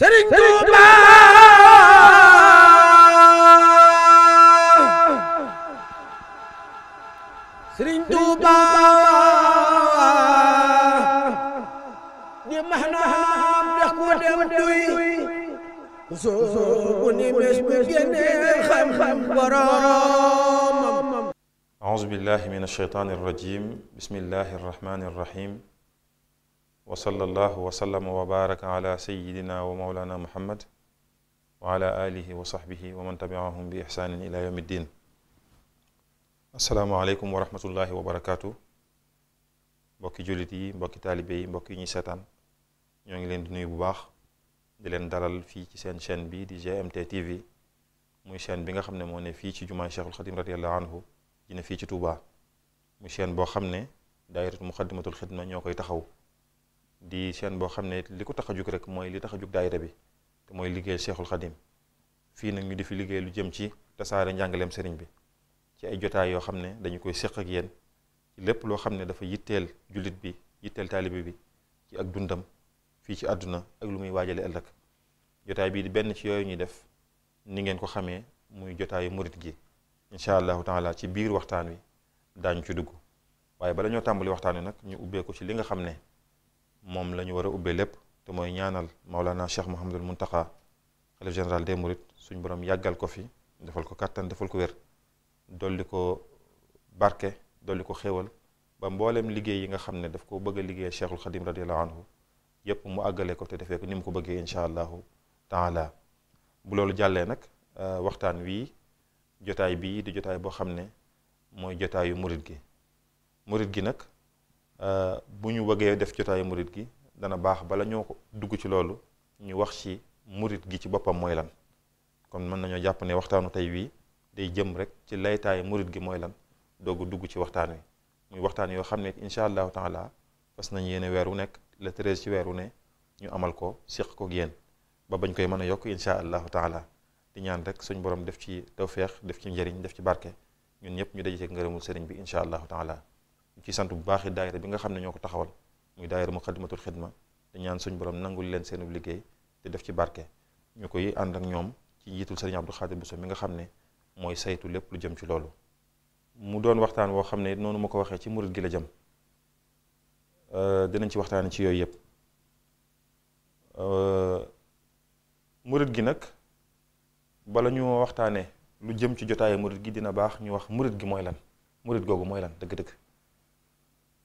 Sëriñ Tuuba Sëriñ Tuuba di maxnaam dax ku dem duy soobu ni mes bu génne xam-xam boroomam auzu billahi min ashaytaani rajim bismillahi rahmaani rahim wa sallallahu wa sallama wa baraka ala sayidina wa maulana muhammad wa ala alihi wa sahbihi wa man tabiahum bi ihsanin ila yawmi ddin asalaamaaleykum wa rahmatullahi wa barakaatu mbokki jullit yi mbokki taalibe yi mbokk yi ñuy seetaan ñoo ngi leen di nuyu bu baax di leen dalal fii ci seen chaîne bi di GMT TV muy chaîne bi nga xam ne moo ne fii ci jumaay Cheikhul Xadim radiallahu anhu ji ne fii ci Touba muy chaîne boo xam ne daayiratu muqaddimatul xidma ñoo koy taxaw di seen boo xam ne li ko tax a jóg rek mooy li tax a jug daayira bi te mooy liggéey Cheikhul Khadim fii nag ñu di fi liggéey lu jëm ci tasaare njàngaleem sëriñ bi ci ay jotaay yoo xam ne dañu koy séq ak yéen lépp loo xam ne dafa yitteel jullit bi yitteel taalibe bi ci ak dundam fii ci àdduna ak lu muy waajale ëllëg jotaay bii di benn ci yooyu ñuy def ni ngeen ko xamee muy jotaayu murit gi incha allahu taala ci biir waxtaan wi daañu ci dugg waaye bala ñoo tàmbali waxtaan wi nag ñu ubbee ci li nga xam ne moom la ñu war a ubbee lépp te mooy ñaanal Maulana Cheikh Mouhamadul Mountakha xalif général des Mourides suñ borom yàggal ko fi defal ko kàttan defal ko wér dolli ko barke dolli ko xéewal ba mbooleem liggéey yi nga xam ne daf ko bëgg a liggéeyal Cheikhul Xadim radiyallahu anhu yépp mu àggale ko te defee ko ni mu ko bëggee incha allahu taala bu loolu jàllee nag euh, waxtaan wii jotaay bii di jotaay boo xam ne mooy jotaayu murit gi murit gi nag bu ñu bëggee def jotaayu murit gi dana baax bala ñoo ko dugg ci loolu ñu wax ci murit gi ci boppam mooy lan kon mën nañoo jàpp ne waxtaanu tey wii day jëm rek ci laytaayu murit gi mooy lan doogu dugg ci waxtaan wi muy waxtaan yoo xam ne incha allahu taala fas nañ yéene weer wu nekk le treize ci weer wu ne ñu amal ko séq ko yéen ba bañ koy mën a yokk incha allahu taala di ñaan rek suñ borom def ci tawféex def ci njëriñ def ci barke ñun ñëpp ñu daje ci ngërëmul sëriñ bi incha allahu taala ci sant bu baax i daayira bi nga xam ne ñoo ko taxawal muy daayira Muqaddimatul Xidma te ñaan suñ borom nangul leen seenu liggéey te def ci barke ñu koy ànd ak ñoom ci njiitul sëriñ Abdou Khadir Bousso mi nga xam ne mooy saytu lépp lu jëm ci loolu mu doon waxtaan woo xam ne noonu ma ko waxee ci murit gi la jëm euh, dinañ ci waxtaan ci yooyu yëpp euh, murit gi nag bala ñu waxtaanee lu jëm ci jotaayu murit gi dina baax ñu wax murit gi mooy lan murit googu mooy lan dëgg-dëgg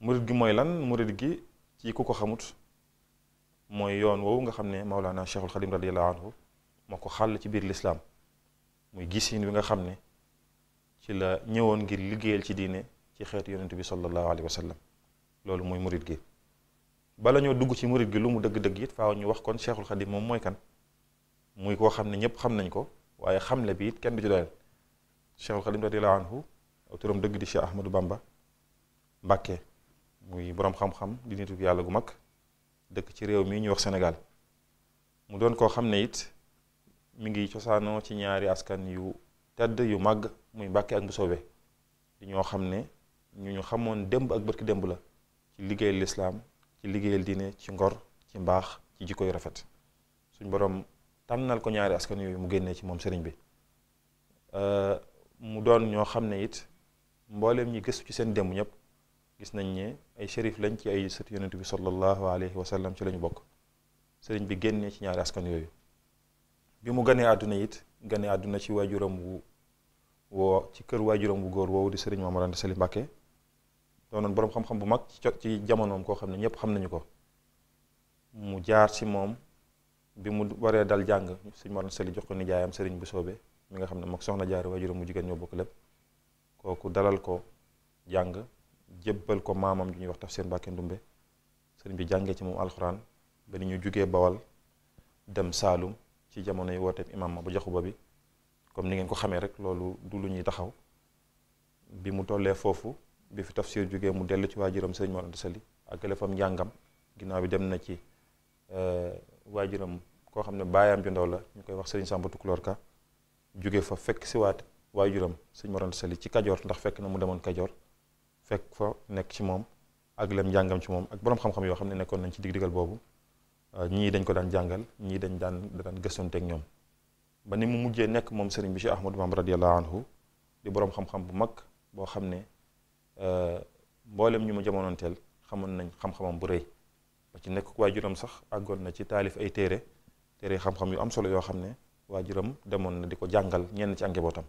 murit gi mooy lan murit gi ci ku ko xamut mooy yoon woowu nga xam ne Maulana Cheikhul Khadim radiyallahu anhu moo ko xàll ci biir lislaam muy gisin bi nga xam ne ci la ñëwoon ngir liggéeyal ci diine ci xeetu yonent bi sallallahu alayhi wa sallam loolu mooy murit gi bala ñoo dugg ci murit gi lu mu dëgg-dëgg it faa ñu wax kon Cheikhul Khadim moom mooy kan muy koo xam ne ñëpp xam nañ ko waaye xamle bi it kenn du ci doyal Cheikhul Khadim radiyallahu anhu turam dëgg Bamba Mbàkke muy borom xam-xam di yàlla gu mag dëkk ci réew mi ñuy wax Sénégal mu doon koo xam ne it mi ngi cosaanoo ci ñaari askan yu tedd yu màgg muy Mbàkke ak Mbusoobe di ñoo xam ne ñu ñu xamoon démb ak bërki démb la ci liggéeyal lislaam ci liggéeyal dine ci ngor ci mbaax ci jikko yu rafet suñ borom tànnal ko ñaari askan yooyu mu génnee ci moom seriñ bi euh, mu doon ñoo xam ne it mbooleem ñi gëstu ci seen démb ñëpp gis nañ ne ay shérif lañ ci ay sët yonent bi sallallahu alayhi wa sallam ci lañu bokk sëriñ bi génnee ci ñaari askan yooyu bi mu ganee àdduna it ganee àdduna ci waajuram wu woo ci kër waajuram wu góor woowu di sëriñ Maam Mor Anta Sali Mbàkke doonoon boroom xam-xam bu mag ci jamonoom koo xam ne ñépp xam nañu ko mu jaar ci moom bi mu waree dal jàng sëriñ Mor Anta Sali jox ko nijaayam sëriñ bu soobee mi nga xam ne mook soxna jaar waajuram mu jigéen ñoo bokk lépp kooku dalal ko jàng jébbal ko maamam ju ñuy wax Tafsir Mbàkke Ndumbe sëriñ bi jàngee ci moom alxuraan ba ni ñu jugee bawal dem Saalum ci jamonoy yi wooteeb imaam ma bu jaxuba bi comme ni ngeen ko xamee rek loolu du ñuy taxaw bi mu tollee foofu bi fi Tafsir jugee mu dellu ci waajuram sëriñ Mor Anta Sali ak lefam njàngam ginnaaw bi dem na ci euh, waajuram koo xam ne baayam ju ndaw la ñu koy wax sëriñ Samba Tukulóor Ka jugee fa fekk si waat waajuram sëriñ Mor Anta ci Kajoor ndax fekk na mu demoon Kajoor fekk fa nekk ci moom ak lem njàngam ci moom ak boroom xam-xam yoo xam ne nekkoon nañ ci digdigal boobu euh, ñii dañ ko daan jàngal ñii dañ daan daan gëstonteeg ñoom ba ni mu mujjee nekk moom sëriñ bi Cheikh Ahmadou Bamba radiyallahu anhu di boroom xam-xam bu mag boo xam ne euh, mboolem ñu ma jamonoonteel xamoon nañ xam-xamam bu rëy ba ci nekk waajuram sax àggoon na ci taalif ay téere téere xam-xam yu am solo yoo xam ne waajuram demoon na di ko jàngal ñenn ci ak njabootam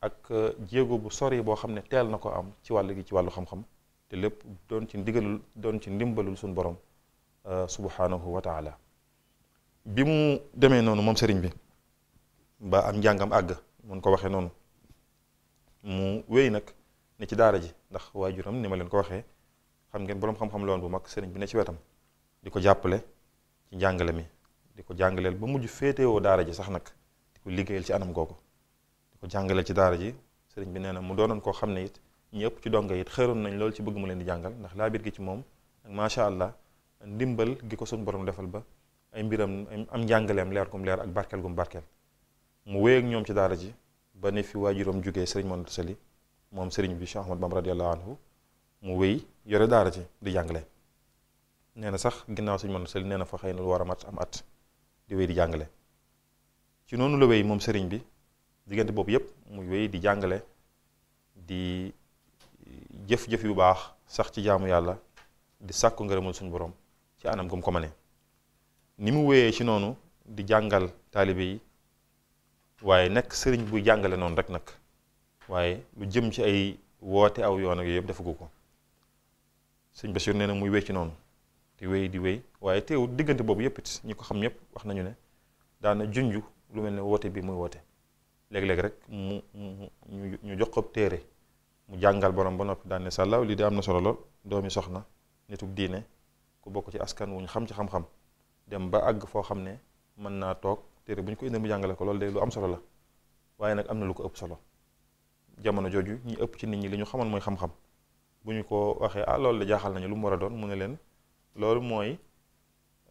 ak euh, jéego bu sori boo xam ne teel na ko am ci wàll gi ci wàllu xam-xam te lépp doon ci ndigalul doon ci ndimbalul suñu borom euh, subhanahu wa taala bi mu demee noonu moom sëriñ bi ba am njàngam àgg mun ko waxee noonu mu wéy nag ne ci daara ji ndax waajuram ni ma leen ko waxee xam ngeen boroom xam-xam loon bu mag sëriñ bi ne ci wetam di ko jàppale ci njàngale mi di ko jàngaleel ba mujj féetewoo daara ji sax nag di ko liggéeyal ci anam googu ko jàngale ci daara ji sëriñ bi nee na mu doonoon koo xam ne it ñëpp ci donga it xeroon nañ loolu ci bëgg mu leen di jàngal ndax laa biir gi ci moom ak macha allah ndimbal gi ko suñu borom defal ba ay mbiram am njàngaleem leer gum leer ak barkeel gum barkeel mu wéy ak ñoom ci daara ji ba ne fi waajuram jugee sëriñ Mouhamadou Sali moom sëriñ bi Cheikh Ahmad Bamba radiyallahu anhu mu wéy yore daara ji di jàngale nee na sax ginnaaw sëriñ Mouhamadou Sali neen na fa xëy war a mat am at di wéy di jàngale ci noonu la moom sëriñ bi diggante boobu yëpp muy wéy di jàngale di jëf-jëf yu baax sax ci jaamu yàlla di sàkku ngërëmul suñ borom ci anam gu mu ko mënee ni mu wéyee ci noonu di jàngal taalibe yi waaye nekk sëriñ buy jàngale noonu rek nag waaye lu jëm ci ay woote aw yoon ak yooyu yëpp defagu ko sëñ Bachir nee na muy wéy ci noonu di wéy di wéy waaye teewul diggante boobu yëpp it ñi ko xam ñëpp wax nañu ne daana junju lu mel ne woote bi muy woote léeg-léeg rek mu mu ñu jox ko téere mu jàngal borom ba noppi daan ne lii de am na solo lool doomi soxna nitug diine ku bokk ci askan wu ñu xam ci xam-xam dem ba àgg foo xam ne mën naa toog téere bu ñu ko indee mu jàngale ko loolu de lu am solo la waaye nag am na lu ko ëpp solo jamono jooju ñi ëpp ci nit ñi li ñu xamoon mooy xam-xam bu ñu ko waxee ah loolu de jaaxal nañu lu mu war a doon mu ne leen loolu mooy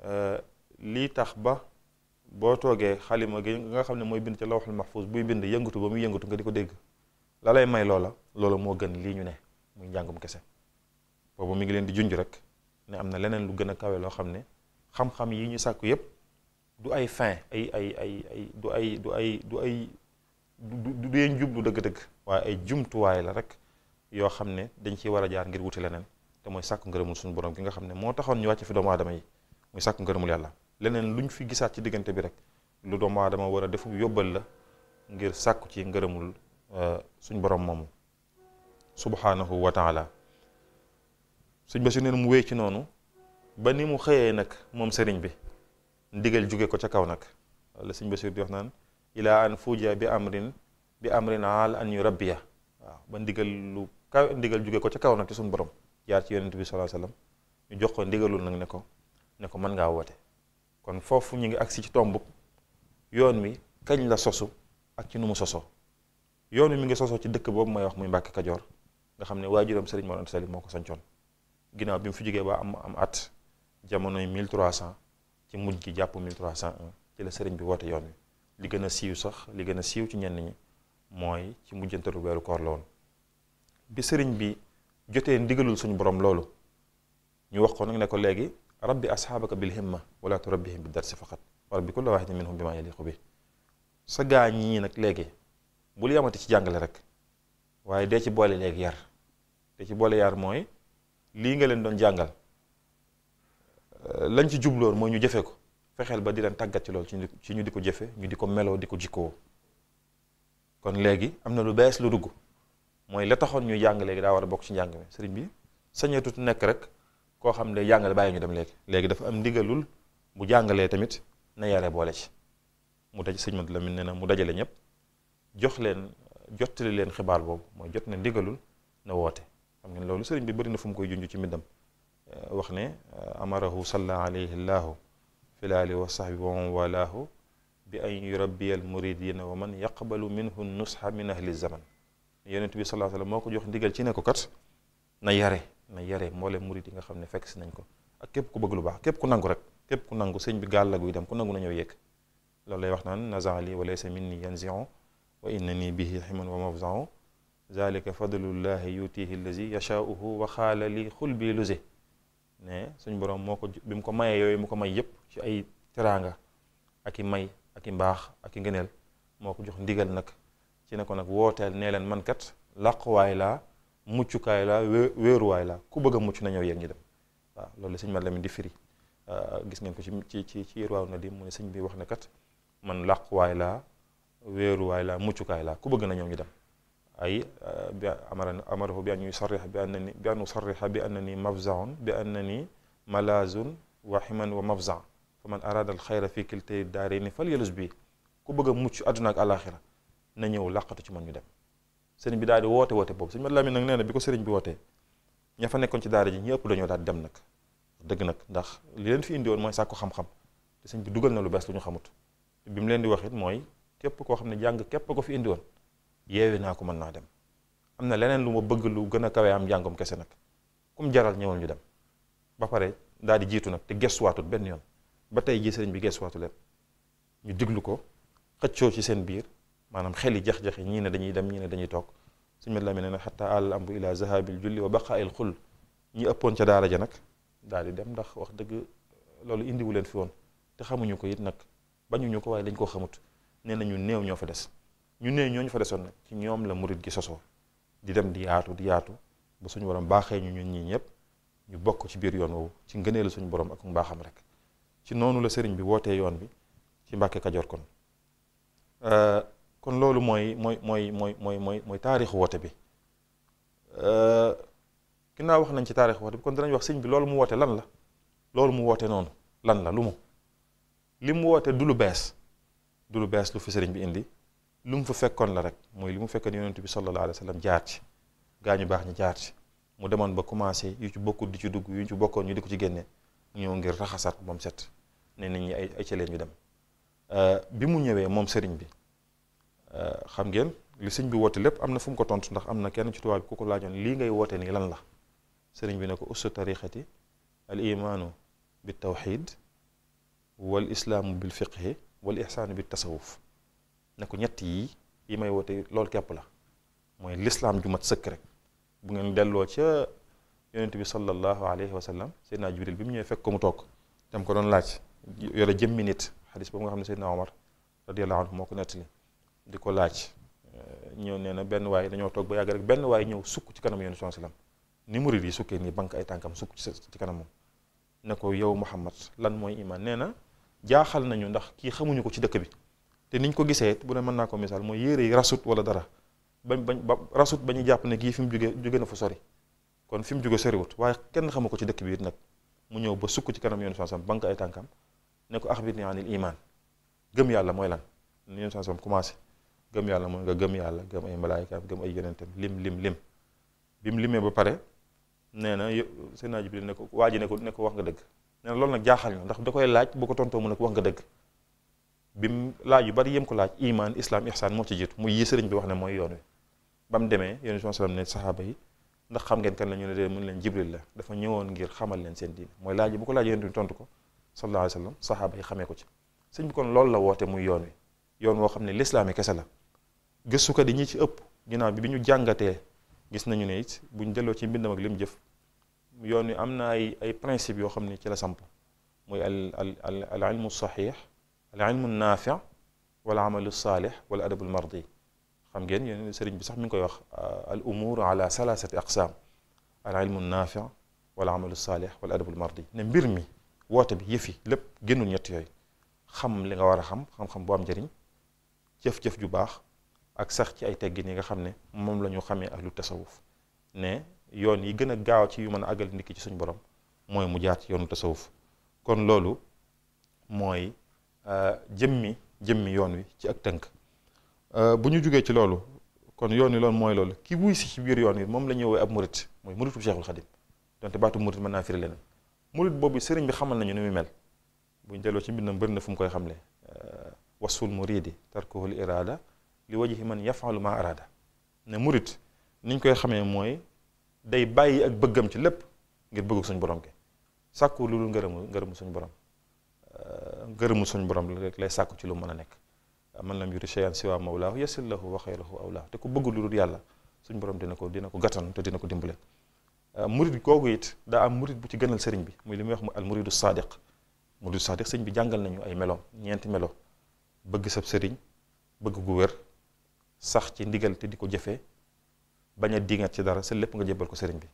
euh, lii tax ba. boo toogee xalima gi nga xam ne mooy bind ci lawxul mahfuz buy bind yëngatu ba muy yëngatu nga di ko dégg la lay may loola loola moo gën lii ñu ne muy njàngum kese boobu mi ngi leen di junj rek ne am na leneen lu gën a kawe loo xam ne xam-xam ñu sàkku yépp du ay fin ay ay ay ay du ay du ay du ay du du yeen jublu dëgg-dëgg waaye ay jumtuwaay la rek yoo xam ne dañ ciy war a jaar ngir wuti leneen te mooy sàkku ngërëmul suñu borom gi nga xam ne moo taxoon ñu wàcc fi doomu aadama yi muy sàkku ngërëmul yàlla leneen luñ fi gisaat ci diggante bi rek lu doomu aadama war a def yóbbal la ngir sàkku ci ngërëmul euh, suñ borom moomu subhaanahu wa taala suñ ba si neen mu wéy ci noonu ba ni mu xëyee nag moom sëriñ bi ndigal jóge ko ca kaw nag la suñ Basiir di wax naan ilaa an fuuja bi amrin bi amrin al an yu rabbiya waaw ba ndigal lu kaw ndigal jóge ko ca kaw nag ci suñ borom jaar ci yonent bi sallallahu alayhi wasallam ñu jox ko ndigalul nag ne ko ne ko mën ngaa woote kon foofu ñu ngi agsi ci tomb yoon wi kañ la sosu ak ci nu mu sosoo yoon wi mi ngi soso ci dëkk boobu mooy wax muy Mbàkke Kajoor nga xam ne waajuram sëriñ Mor Anta Sali moo ko sancoon ginnaaw bi mu fi jógee ba am am at jamonoy 1300 ci mujj gi jàpp 1301 ci la sëriñ bi woote yoon wi li gën a siiw sax li gën a siiw ci ñenn ñi mooy ci mujjantalu weeru koor la woon bi sëriñ bi jotee ndigalul suñu boroom loolu ñu wax ko nag ne léegi rabbi asxaabaka bilhimma wala turabbihim bi darsi faqat wa rabbi kulla waxidin minhum bi ma yaliqu bi sa gaa ñii nag léegi bul yamati ci jàngale rek waaye dee ci boole léegi yar dee ci boole yar mooy lii nga leen doon jàngal lañ ci jubloon mooy ñu jëfe ko fexeel ba di leen tàggat ci loolu ci ñu di ko jëfe ñu di ko meloo di ko jikkoo kon léegi am na lu bees lu dugg mooy la taxoon ñuy jàng léegi daa war a bokk ci njàng mi sëriñ bi sañeetut nekk rek koo xam ne jàngale bàyyi ñu dem léegi léegi dafa am ndigalul bu jàngalee tamit na yare boole ci mu daj sëñ la Lamin ne na mu dajale ñëpp jox leen jottali leen xibaar boobu mooy jot na ndigalul na woote xam ngeen loolu sëriñ bi bari na fu mu koy junj ci mbindam eh, wax ne eh, amarahu salla alayhi llaahu fi laali wa sahbi wa man walaahu bi an yurabbiya al muridina wa man yaqbalu minhu nusha min ahli zaman yonent bi salaa sallam moo ko jox ndigal ci ne ko kat na yare na yare mboolem murit yi nga xam ne fekk si nañ ko ak képp ku bëgg lu baax képp ku nangu rek képp ku nangu sëñ bi gaal la guy dem nangu na ñëw yegg loolu lay wax naan nazali walaysa minni o wa inna ni bihi himun wa mafzao zalika fadlullahi yutihi allazi yashauhu wa xaala bi xulbi luse ne suñ borom moo ko bi mu ko mayee yooyu mu ko may yépp ci ay teraanga ak i may ak i mbaax ak i ngëneel moo ko jox ndigal nag ci ne ko nag wooteel nee leen man kat làquwaay laa muccukaay la weeruwaay la ku bëgg mucc na ñëw yéeg ñi dem waaw loolu la man Mame Lamine di firi gis ngeen ko ci ci ci irwaaw na di mu ne sëñ bi wax ne kat man làquwaay laa weeruwaay laa muccukaay laa ku bëgg na ñëw ñu dem ay euh, bi amara amarahu bi an yusarriha bi annani bi an usarriha bi annani mafzaun bi annani malazun waximan wa mafzan fa man arada al xayra fi kiltay daarayni fal yalus bi ku bëgg a mucc àdduna ak àlaaxira na ñëw làqatu ci man ñu dem sëriñ bi daal di woote woote boobu sëñ Mate Lamine nag nee na bi ko sëriñ bi wootee ña fa nekkoon ci daara ji ñëpp dañoo daal di dem nag dëgg nag ndax li leen fi indi woon mooy sàkku xam-xam te sëñ bi dugal na lu bees lu ñu xamut bi mu leen di wax it mooy képp koo xam ne jàng képp ko fi indi woon yeewi naa ko mën naa dem am na leneen lu ma bëgg lu gën a kawee am njàngom kese nag kum jaral ñëwal ñu dem ba pare daal jiitu nag te gestuwaatut benn yoon ba tey jii sëriñ bi gestuwaatu leen ñu diglu ko xëccoo ci seen biir maanaam xel yi jax-jaxe ñii ne dañuy dem ñii ne dañuy toog suñu mat lami ne nag xata àll amru ila zahabil julli wa baqa il xul ñi ëppoon ca daara ja nag daal di dem ndax wax dëgg loolu indiwu leen fi woon te xamuñu ko it nag bañuñu ko waaye dañ koo xamut nee na ñu néew ñoo fa des ñu néew ñoo ñu fa desoon nag ci ñoom la murit gi sosoo di dem di yaatu di yaatu ba suñu borom baaxee ñu ñun ñii ñëpp ñu bokk ci biir yoon woowu ci ngëneelu suñu borom ak mbaaxam rek ci noonu la sëriñ bi wootee yoon bi ci Mbàkke Kajoor kon euh, kon loolu mooy mooy mooy mooy mooy mooy mooy taarixu woote bi euh, ginnaaw wax nañ ci taarixu woote bi kon danañ wax sëñ bi loolu mu woote lan la loolu mu woote noonu lan la lu mu li mu woote du lu bees du lu bees lu fi sëriñ bi indi lu mu fa fekkoon la rek mooy li mu fekkoon yonent bi sallallahu alayhi wa sallam jaar ci gaa ñu baax ñu jaar ci mu demoon ba commencé yu ci bokkul di ci dugg yu ci bokkoon ñu di ko ci génne ñëw ngir raxasaat ba mu set ne nit ñi ay ay ca ñu dem euh, bi mu ñëwee moom sëriñ bi Euh, xam ngeen li sëñ bi woote lépp am na fu mu ko tontu ndax am na kenn ci tubaab bi ku ko laajoon lii ngay woote nii lan la sëriñ bi ne ko ussu tarixati al imaanu bi tawxid wal islaamu bil fiqhi wal ihsaanu bi tasawuf ne ko ñett yi yi may woote loolu képp la mooy lislaam ju mat sëkk rek bu ngeen delloo ca yonent bi sallallahu alayhi wa sallam seydna jibril bi mu ñëwee fekk ko mu toog tam ko doon laaj yore jëmmi nit xadis boobu nga xam ne seydna omar radiallahu anhu moo ko nettali di ko laaj eh, ñëw nee na benn waay dañoo toog ba yàgg rek benn waay ñëw sukk ci kanam yonent sallam ni murid yi sukkee nii banque ay tànkam sukk ci kanamam ne ko yow Muhammad lan mooy iman nee na jaaxal nañu ndax kii xamuñu ko ci dëkk bi te niñ ko gisee bu ne mën naa ko misaal mooy yére yi rasut wala dara bañ bañ ba rasut ba ñu jàpp ne kii fi mu jóge jóge na fu sori kon mu jóge soriwut waaye kenn xamu ko ci dëkk bi it nag mu ñëw ba sukk ci kanam yonent sallam banque ay tànkam ne ko axbirnii anil iman gëm yàlla mooy lan yonent sallam commencé gëm yàlla mooy nga gëm yàlla gëm ay malaayikaam gëm ay yonentam lim lim lim bi mu limee ba pare nee na Seydina Jibril ne ko waa ji ne ko ne ko wax nga dëgg na loolu nag jaaxal na ndax da koy laaj bu ko tontoo mu ne ko wax nga dëgg bi mu laaj yu bari yem ko laaj iman islaam ihsaan moo ci jiitu muy yi sëriñ bi wax ne mooy yoon wi ba mu demee yonent bi salaam ne saxaaba yi ndax xam ngeen kan la ñu ne dee mun leen Jibril la dafa ñëwoon ngir xamal leen seen diine mooy laaj bu ko laaj yonent bi tontu ko sallallahu alayhi wa sallam yi xamee ko ci sëñ kon loolu la woote muy yoon wi yoon woo xam ne lislaami kese la ko di ñi ci ëpp ginnaaw bi bi ñu jàngatee gis nañu ne it ñu delloo ci mbindam ak lim jëf yoon wi am na ay principe yoo xam ne ci la samp mooy al al al ilmu saxiix al ilmu naafi wal amalu saalix wal adabul mardi xam ngeen yéen sëriñ bi sax mi ngi koy wax euh, al umur ala salaasati aqsaam al ilmu naafi wal amalu saalix wal adabul mardi ne mbir mi woote bi yëfi lépp génnul ñett yooyu xam li nga war a xam xam-xam bu am njëriñ jëf-jëf ju baax ak sax ci ay teggin yi nga xam ne moom la ñu xamee lu tasawuf ne yoon yi gën a gaaw ci yu mën a àggal ndikk ci suñu borom mooy mu jaar ci yoonu tasawuf kon loolu mooy euh, jëmmi jëmmi yoon wi ci ak tënk euh, bu ñu jugee ci loolu kon yoon wi loolu mooy loolu ki wuy si ci biir yoon wi moom la ñuy woowee ab murit mooy muritu Cheikhul Xadim donte baatu murit mën naa firi leneen murit boobu sëriñ bi xamal nañu ni muy mel bu ñu delloo ci mbindam bëri na fu mu koy xamle euh, wasful muridi tarkuhul irada li wajhi man yafalu ma arada ne murit niñ koy xamee mooy day bàyyi ak bëggam ci lépp ngir bëggu suñ borom gi sàkku lu lu ngërëmu ngërëmu suñ borom euh, ngërëmu suñ borom rek lay sàkku ci lu mën a nekk man lam yuri shay'an siwa mawlaahu yasil lahu wa xayrahu awlaahu te ku bëgg lu dul yàlla suñ borom dina ko dina ko gàttan te dina ko dimbale euh, murit kooku it daa am murit bu ci gënal sëriñ bi muy li muy wax mu al muridu sadiq muridu sadiq sëriñ bi jàngal nañu ay melo ñeenti melo bëgg sab sëriñ bëgg gu wér sax ci ndigal te di ko jëfee bañ a diingat ci dara sa lépp nga jébbal ko sëriñ bi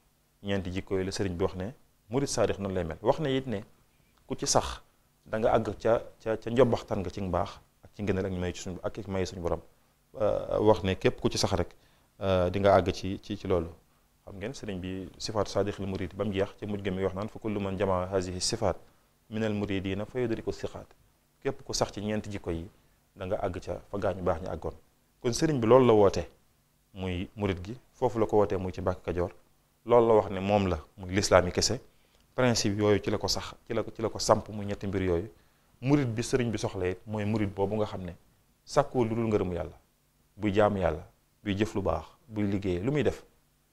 ñeenti jikko yi la sëriñ bi wax ne murid saadix noonu lay mel wax ne it ne ku ci sax danga àgg ca ca ca njobbaxtaan nga ci mbaax ak ci ngëneel ak ñu may ci suñu ak may suñu borom wax ne képp ku ci sax rek euh, di nga àgg ci ci ci loolu xam ngeen sëriñ bi sifaatu saadixil murid ba mu jeex ci mujj gi mi wax naan fa kullu man jamaa hazihi sifaat minal muridina fa yudriku siqaat képp ku sax ci ñeenti jikko yi da nga àgg ca fa gaañu baax ñu àggoon kon sëriñ bi loolu la wootee muy murit gi foofu la ko wootee muy ci Mbàkke Kajoor loolu la wax ne moom la muy lislaam yi kese principe yooyu ci la ko sax ci la ko ci la ko samp muy ñetti mbir yooyu murit bi sëriñ bi soxla it mooy murit boobu nga xam ne sàkkoo lu dul ngërëmu yàlla buy jaamu yàlla buy jëf lu baax buy liggéeyee lu muy def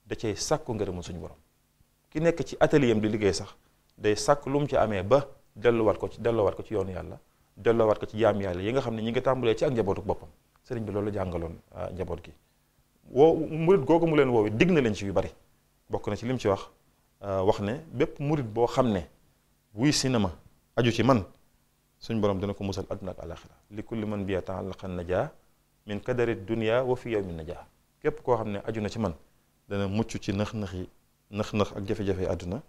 da cay sàkku ngërëmu suñu borom ki nekk ci atelier di liggéey sax day sàkk lu mu ci amee ba delluwaat ko ci delluwaat ko ci yoonu yàlla delloowaat ko ci jaam yàlla yi nga xam ne ñi nga tàmbalee ci ak njabootu boppam sëriñ bi loolu jàngaloon ah, njaboot gi wow murit googu mu leen woowe digg na leen ci yu bari bokk na ci lim ci wax ah, wax ne bépp murit boo xam ne wuy sinema aju ci man suñ borom dina ko musal àdduna ak alaxira li kulli man biya taalaqa najaa min kadari dunia wa fi yawmi najaa képp koo xam ne aju na ci man dana mucc ci nax-nax yi nax-nax ak jafe-jafe àdduna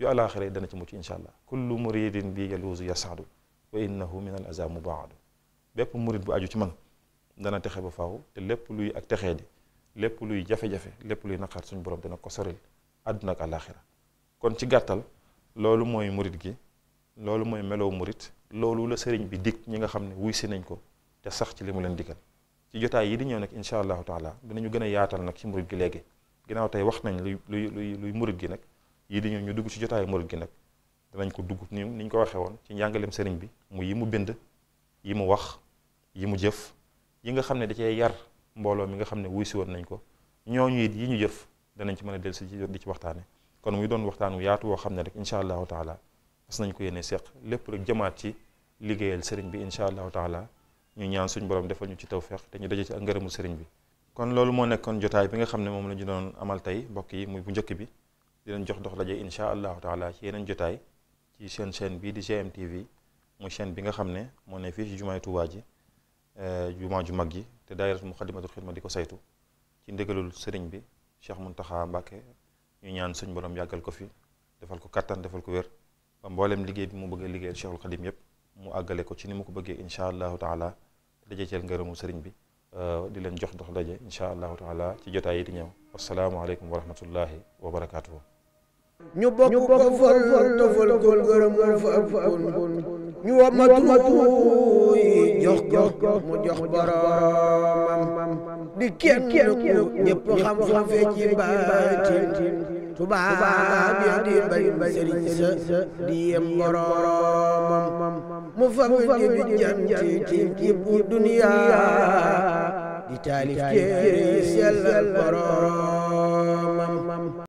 yu alaxira yi dana ci mucc incha allah kullu muridin bi yaluusu wa innahu min al aza mubaadu bépp murit bu aju ci man dana texe ba faw te lépp luy ak texe di lépp luy jafe-jafe lépp luy naqar suñu borom dina ko soril àdduna ak àllaaxira kon ci gàttal loolu mooy murit gi loolu mooy melow murit loolu la sëriñ bi dikk ñi nga xam ne wuy si nañ ko te sax ci li mu leen digal ci jotaay yi di ñëw nag incha allahu taala dinañu gën a yaatal nag ci murit gi léegi ginnaaw tey wax nañ luy luy luy murit gi nag yi di ñëw ñu dugg ci jotaayu murit gi nag danañ ko dugg ni niñ ko waxee woon ci njàngaleem sëriñ bi mu yi mu bind yi mu wax yi mu jëf yi nga xam ne da cee yar mbooloo mi nga xam ne wuy si woon nañ ko ñoo ñu it yi ñu jëf danañ ci mën a del si di ci waxtaane kon muy doon waxtaan wu yaatu woo xam ne rek incha allahu taala mas nañ ko yéene seq lépp rek jëmaat ci liggéeyal sëriñ bi incha allahu taala ñu ñaan suñ borom defal ñu ci tawféex te ñu daje ci ak ngërëmu sëriñ bi kon loolu moo nekkoon jotaay bi nga xam ne moom la ñu doon amal tey mbokk yi muy bu njëkk bi di leen jox dox daje incha allahu taala ci yeneen jotaay ci seen chaîne bii di GMTV muy chaîne bi nga xam ne moo ne fii ci jumaay Tuubaa ji euh, jumaa ju mag ji te daayiratu Muxaddamatul Xidma di ko saytu ci ndigalul sëriñ bi mun Muntaxa Mbàkke ñu ñaan suñ borom yàggal ko fi defal ko kattan defal ko wér ba mbooleem liggéey bi mu bëggee a liggéeyal Cheikhul Xadim yépp mu àggale ko ci ni mu ko bëggee incha allahu taala daje ceel ngërëmu sëriñ bi euh, di leen jox dox daje incha allahu taala ci jotaay yi di ñëw assalaamu aleykum wa rahmatullahi wa ñu bokk ko fol tofol kol gërëm mu fa kon ñu wa matu yi jox ko mu jox boromam di kenn ku ñëpp xam di bay bay sëriñ sa mu fa di bi janti ci ci bu duniya di taalif ci sell boromam